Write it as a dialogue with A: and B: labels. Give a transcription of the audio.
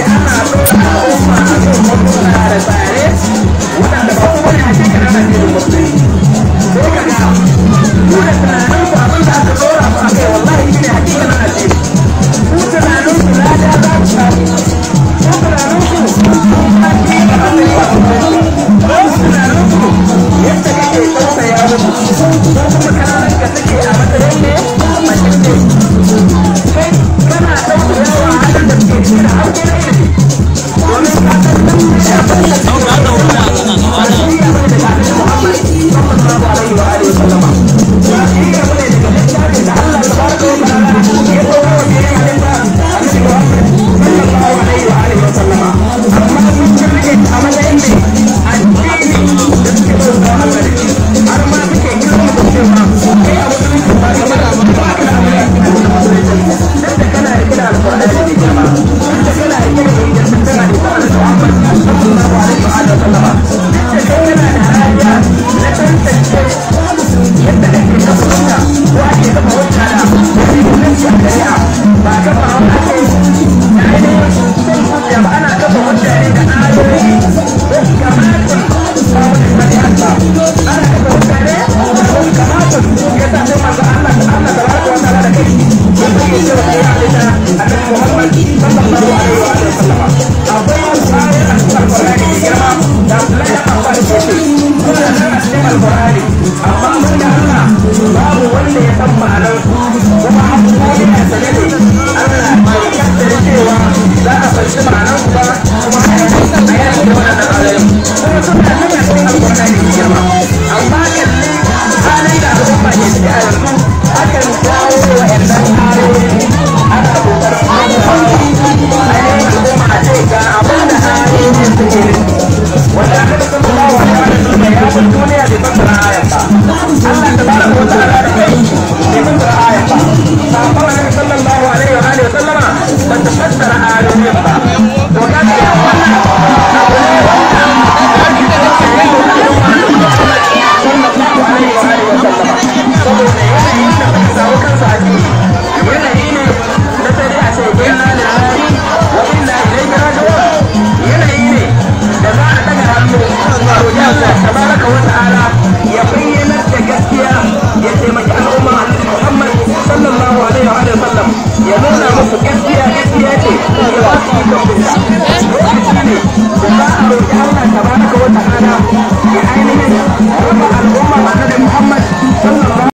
A: 啊。
B: Muhammad sallallahu alaihi wasallam akwai tabaraka wa ta'ala ya bayyana da gaskiya ya taimaki al'umma annabi Muhammad sallallahu alaihi wa sallam ya nuna musu gaskiya gaskiya ce ya ba su yi kambinta lokaci ne da za a roƙi Allah tabaraka wa ta'ala ya ainihin raba al'umma annabi Muhammad